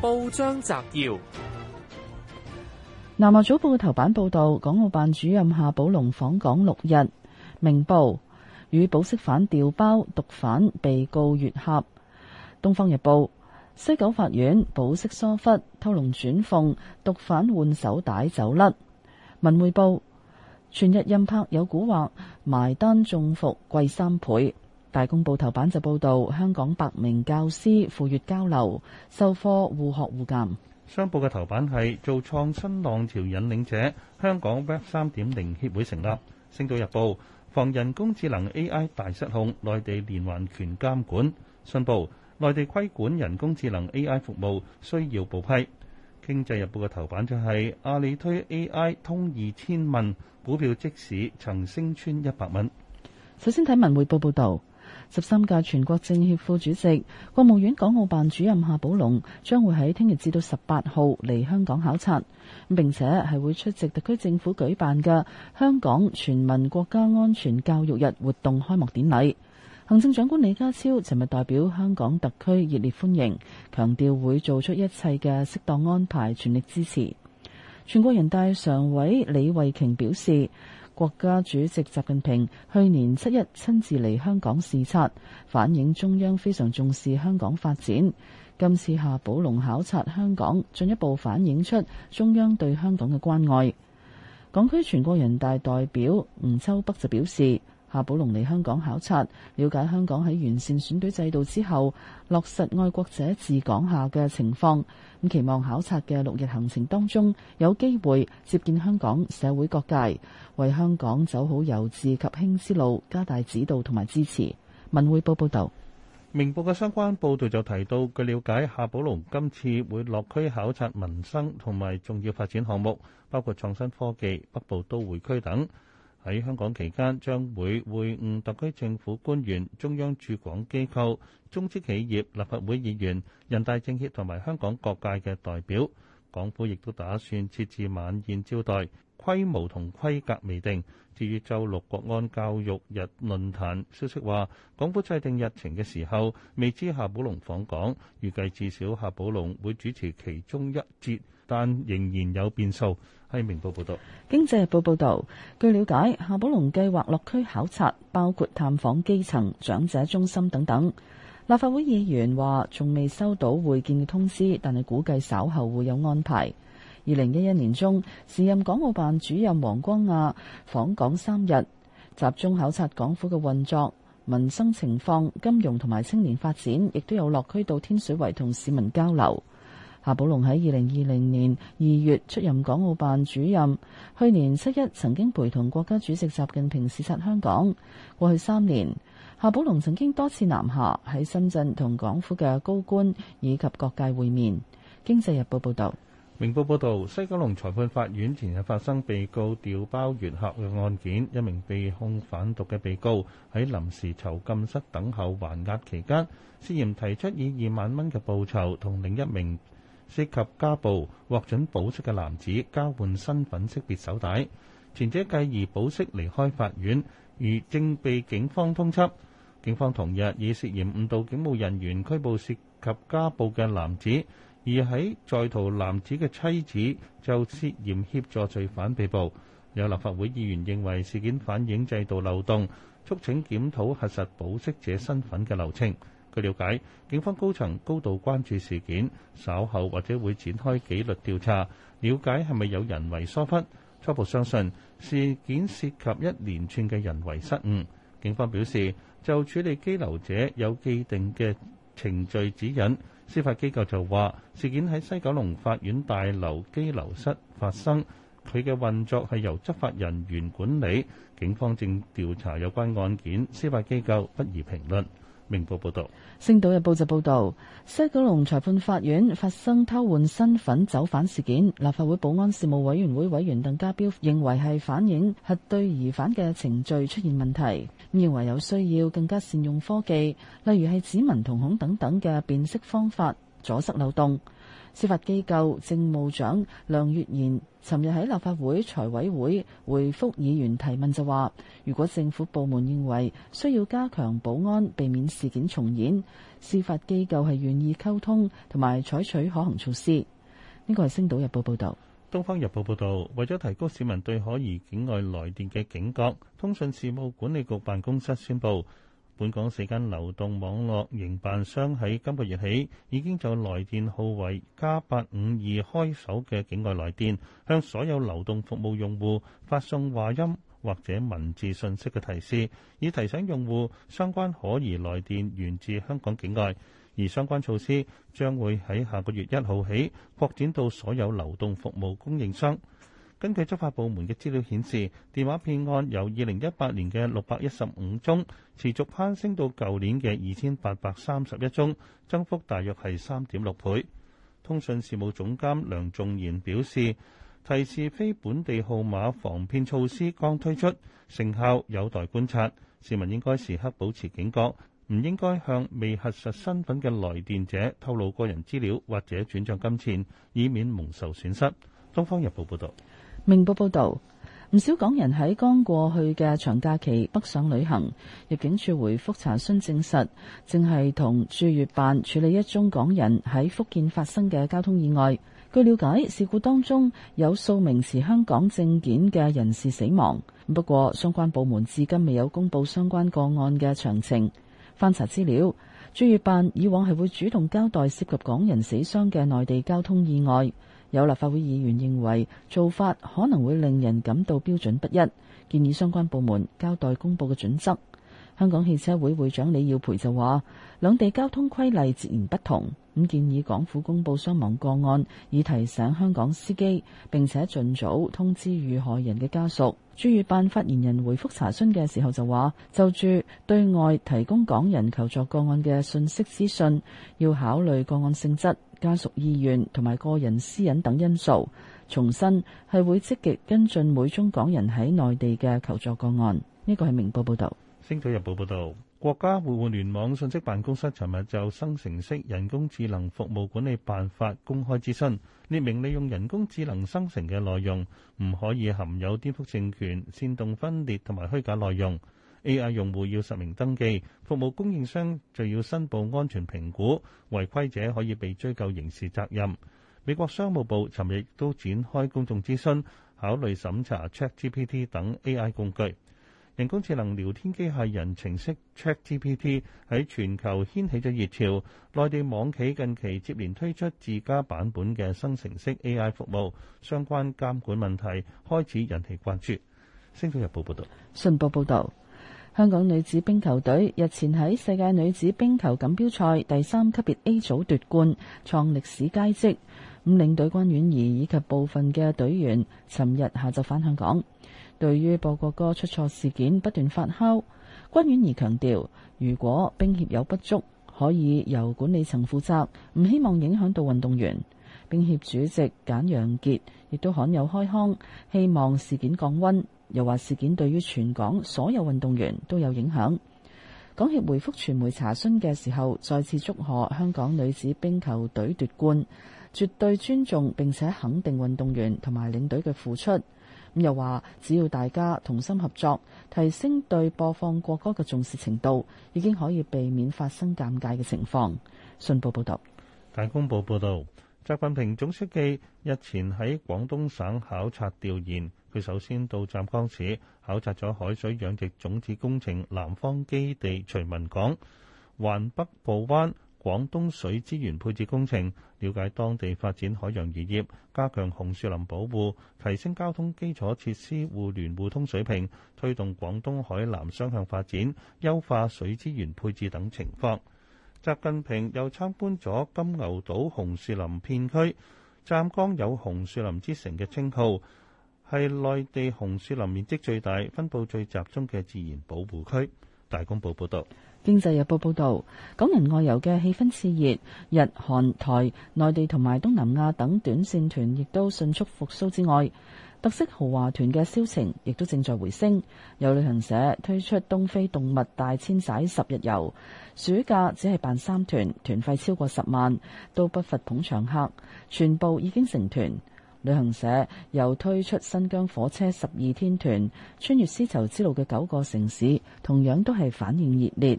報章摘要：南華早報嘅頭版報道，港澳辦主任夏寶龍訪港六日。明報與保釋犯調包，毒販被告越柙。東方日報西九法院保釋疏忽，偷龍轉鳳，毒販換手帶走甩。文匯報全日任拍有蠱惑，埋單中伏貴三倍。大公報頭版就報道香港百名教師赴粵交流，授課互學互鑒。商報嘅頭版係做創新浪潮引領者，香港 Web 3.0協會成立。星島日報防人工智能 AI 大失控，內地連環拳監管。信報內地規管人工智能 AI 服務需要報批。經濟日報嘅頭版就係、是、阿里推 AI 通義千問，股票即時曾升穿一百蚊。首先睇文匯報報道。十三屆全國政協副主席、國務院港澳辦主任夏寶龍將會喺聽日至到十八號嚟香港考察，並且係會出席特區政府舉辦嘅香港全民國家安全教育日活動開幕典禮。行政長官李家超尋日代表香港特區熱烈歡迎，強調會做出一切嘅適當安排，全力支持。全國人大常委李慧瓊表示。國家主席習近平去年七一親自嚟香港視察，反映中央非常重視香港發展。今次夏寶龍考察香港，進一步反映出中央對香港嘅關愛。港區全國人大代表吳秋北就表示：夏寶龍嚟香港考察，了解香港喺完善選舉制度之後，落實愛國者治港下嘅情況。咁期望考察嘅六日行程當中，有機會接見香港社會各界，為香港走好由治及興之路，加大指導同埋支持。文匯報報道。明報嘅相關報導就提到，據了解，夏寶龍今次會落區考察民生同埋重要發展項目，包括創新科技、北部都會區等。喺香港期間，將會會晤特區政府官員、中央駐港機構、中資企業、立法會議員、人大政協同埋香港各界嘅代表。港府亦都打算設置晚宴招待，規模同規格未定。至於周六國安教育日論壇，消息話港府制定日程嘅時候，未知夏寶龍訪港，預計至少夏寶龍會主持其中一節，但仍然有變數。係明報報導。《經濟日報》報導，據了解，夏寶龍計劃落區考察，包括探訪基層、長者中心等等。立法會議員話：仲未收到會見嘅通知，但係估計稍後會有安排。二零一一年中，時任港澳辦主任王光亞訪港三日，集中考察港府嘅運作、民生情況、金融同埋青年發展，亦都有落區到天水圍同市民交流。夏寶龍喺二零二零年二月出任港澳辦主任，去年七一曾經陪同國家主席習近平視察香港。過去三年，夏寶龍曾經多次南下喺深圳同港府嘅高官以及各界會面。經濟日報報道，明報報道，西九龍裁判法院前日發生被告調包越柙嘅案件，一名被控販毒嘅被告喺臨時囚禁室等候還押期間，涉嫌提出以二萬蚊嘅報酬同另一名涉及家暴獲准保釋嘅男子交換身份識別手帶，前者繼而保釋離開法院，而正被警方通緝。警方同日以涉嫌就處理羈留者有既定嘅程序指引，司法機構就話事件喺西九龍法院大樓羈留室發生，佢嘅運作係由執法人員管理，警方正調查有關案件，司法機構不宜評論。明報報導，星島日報就報導，西九龍裁判法院發生偷換身份走犯事件。立法會保安事務委員會委員鄧家彪認為係反映核對疑犯嘅程序出現問題，認為有需要更加善用科技，例如係指紋、瞳孔等等嘅辨識方法，阻塞漏洞。司法機構政務長梁月賢尋日喺立法會財委會回覆議員提問就話：如果政府部門認為需要加強保安，避免事件重演，司法機構係願意溝通同埋採取可行措施。呢個係《星島日報》報導，《東方日報》報導，為咗提高市民對可疑境外來電嘅警覺，通訊事務管理局辦公室宣布。本港四間流動網絡營辦商喺今個月起已經就來電號為加八五二開首嘅境外來電，向所有流動服務用戶發送話音或者文字信息嘅提示，以提醒用戶相關可疑來電源自香港境外。而相關措施將會喺下個月一號起擴展到所有流動服務供應商。根據執法部門嘅資料顯示，電話騙案由二零一八年嘅六百一十五宗持續攀升到舊年嘅二千八百三十一宗，增幅大約係三點六倍。通訊事務總監梁仲賢表示，提示非本地號碼防騙措施剛推出，成效有待觀察。市民應該時刻保持警覺，唔應該向未核實身份嘅來電者透露個人資料或者轉帳金錢，以免蒙受損失。《東方日報》報導。明報報道，唔少港人喺剛過去嘅長假期北上旅行，入境處回覆查詢證,證實，正係同駐粵辦處理一宗港人喺福建發生嘅交通意外。據了解，事故當中有數名持香港證件嘅人士死亡，不過相關部門至今未有公布相關個案嘅詳情。翻查資料，駐粵辦以往係會主動交代涉及港人死傷嘅內地交通意外。有立法會議員認為做法可能會令人感到標準不一，建議相關部門交代公佈嘅準則。香港汽車會會長李耀培就話：兩地交通規例截然不同，咁建議港府公布傷亡個案，以提醒香港司機，並且盡早通知遇害人嘅家屬。駐粵辦發言人回覆查詢嘅時候就話：就住對外提供港人求助個案嘅信息資訊，要考慮個案性質、家屬意願同埋個人私隱等因素。重申係會積極跟進每宗港人喺內地嘅求助個案。呢個係明報報道。《星島日報》報道。國家互互聯網信息辦公室尋日就生成式人工智能服務管理辦法公開諮詢，列明利用人工智能生成嘅內容唔可以含有顛覆政權、煽動分裂同埋虛假內容。AI 用戶要實名登記，服務供應商就要申報安全評估，違規者可以被追究刑事責任。美國商務部尋日亦都展開公眾諮詢，考慮審查 ChatGPT 等 AI 工具。人工智能聊天機器人程式 ChatGPT 喺全球掀起咗熱潮，內地網企近期接連推出自家版本嘅生成式 AI 服務相關監管問題開始引起關注。星島日報報道，信報報道，香港女子冰球隊日前喺世界女子冰球錦標賽第三級別 A 組奪冠，創歷史佳績，五領隊關婉怡以及部分嘅隊員尋日下晝返香港。對於播國歌出錯事件不斷發酵，關婉儀強調，如果冰協有不足，可以由管理層負責，唔希望影響到運動員。冰協主席簡楊傑亦都罕有開腔，希望事件降溫，又話事件對於全港所有運動員都有影響。港協回覆傳媒查詢嘅時候，再次祝賀香港女子冰球隊奪冠，絕對尊重並且肯定運動員同埋領隊嘅付出。咁又話，只要大家同心合作，提升對播放國歌嘅重視程度，已經可以避免發生尷尬嘅情況。信報報道，大公報報道，習近平總書記日前喺廣東省考察調研，佢首先到湛江市考察咗海水養殖種子工程南方基地徐聞港環北部灣。廣東水資源配置工程，了解當地發展海洋漁業、加強紅樹林保護、提升交通基礎設施互聯互通水平，推動廣東海南雙向發展、優化水資源配置等情況。習近平又參觀咗金牛島紅樹林片區，湛江有紅樹林之城嘅稱號，係內地紅樹林面積最大、分佈最集中嘅自然保護區。大公報報導，《經濟日報》報導，港人外遊嘅氣氛熾熱，日、韓、台、內地同埋東南亞等短線團亦都迅速復甦之外，特色豪華團嘅銷情亦都正在回升。有旅行社推出東非動物大遷徙十日遊，暑假只係辦三團，團費超過十萬，都不乏捧場客，全部已經成團。旅行社又推出新疆火車十二天團，穿越絲綢之路嘅九個城市，同樣都係反應熱烈。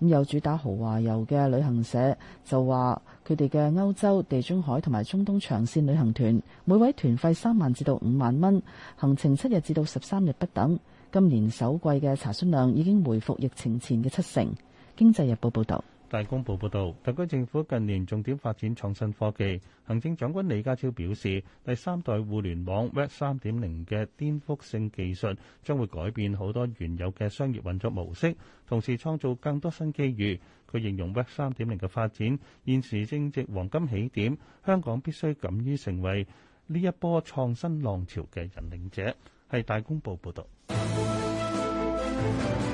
咁有主打豪華遊嘅旅行社就話，佢哋嘅歐洲、地中海同埋中東長線旅行團，每位團費三萬至到五萬蚊，行程七日至到十三日不等。今年首季嘅查詢量已經回復疫情前嘅七成。經濟日報報道。大公報報導，特區政府近年重點發展創新科技。行政長官李家超表示，第三代互聯網 Web 3.0嘅顛覆性技術將會改變好多原有嘅商業運作模式，同時創造更多新機遇。佢形容 Web 3.0嘅發展現時正值黃金起點，香港必須敢於成為呢一波創新浪潮嘅引領者。係大公報報導。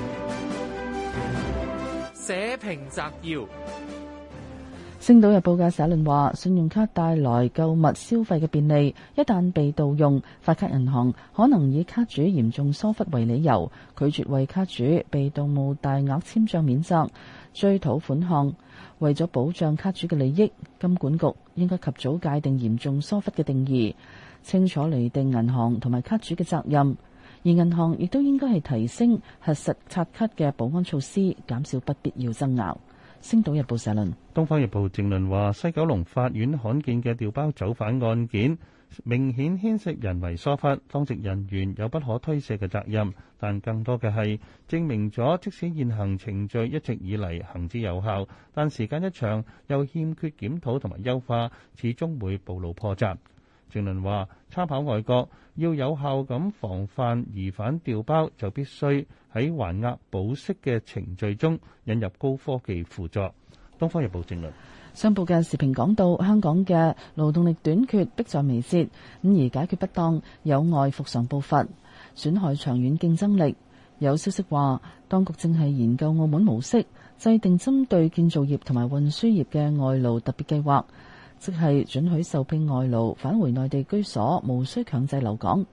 社評摘要，《星島日報》嘅社論話：信用卡帶來購物消費嘅便利，一旦被盜用，發卡銀行可能以卡主嚴重疏忽為理由，拒絕為卡主被盜務大額簽賬免責。追討款項，為咗保障卡主嘅利益，金管局應該及早界定嚴重疏忽嘅定義，清楚厘定銀行同埋卡主嘅責任。而銀行亦都應該係提升核實刷卡嘅保安措施，減少不必要爭拗。星島日報社論，《東方日報》正論話：西九龍法院罕見嘅掉包走犯案件，明顯牽涉人為疏忽，當值人員有不可推卸嘅責任。但更多嘅係證明咗，即使現行程序一直以嚟行之有效，但時間一長又欠缺檢討同埋優化，始終會暴露破綻。正論話，參考外國，要有效咁防範疑犯調包，就必須喺還押保釋嘅程序中引入高科技輔助。東方日報正論。上報嘅時評講到，香港嘅勞動力短缺迫在眉睫，咁而解決不當，有礙復常步伐，損害長遠競爭力。有消息話，當局正係研究澳門模式，制定針對建造業同埋運輸業嘅外勞特別計劃。即係准許受聘外勞返回內地居所，無需強制留港。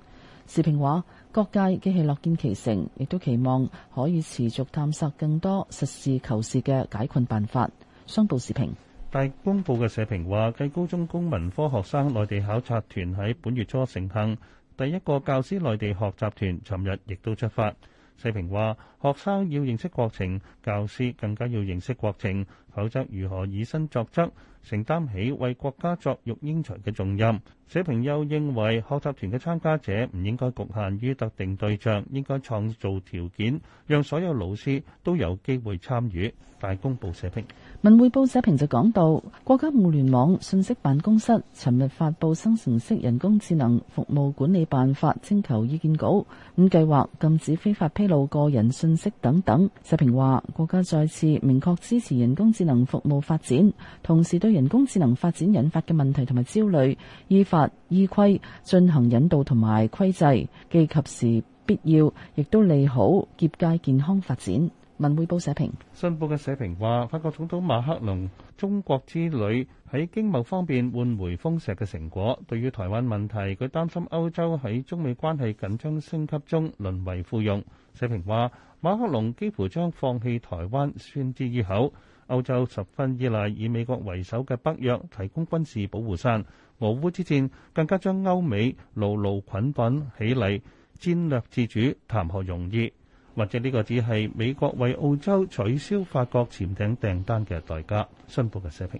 時評話：各界既係樂見其成，亦都期望可以持續探索更多實事求是嘅解困辦法。商報時評。大公報嘅社評話：繼高中公民科學生內地考察團喺本月初成行，第一個教師內地學習團尋日亦都出發。社評話：學生要認識國情，教師更加要認識國情，否則如何以身作則，承擔起為國家作育英才嘅重任？社評又認為學習團嘅參加者唔應該局限於特定對象，應該創造條件，讓所有老師都有機會參與。大公報社評。文匯報社評就講到，國家互聯網信息辦公室尋日發布《生成式人工智能服務管理辦法》徵求意見稿，咁計劃禁止非法披露個人信息等等。社評話，國家再次明確支持人工智能服務發展，同時對人工智能發展引發嘅問題同埋焦慮，依法依規進行引導同埋規制，既及時必要，亦都利好業界健康發展。文匯報社評。信報嘅社評話，法國總統馬克龍中國之旅喺經貿方面換回豐碩嘅成果。對於台灣問題，佢擔心歐洲喺中美關係緊張升級中淪為附庸。社評話，馬克龍幾乎將放棄台灣宣之於口,歐洲十分依賴以美國為首嘅北約提供軍事保護傘，俄烏之戰更加將歐美牢牢捆綁起嚟，戰略自主，談何容易？或者呢個只係美國為澳洲取消法國潛艇訂單嘅代價，申報嘅社評。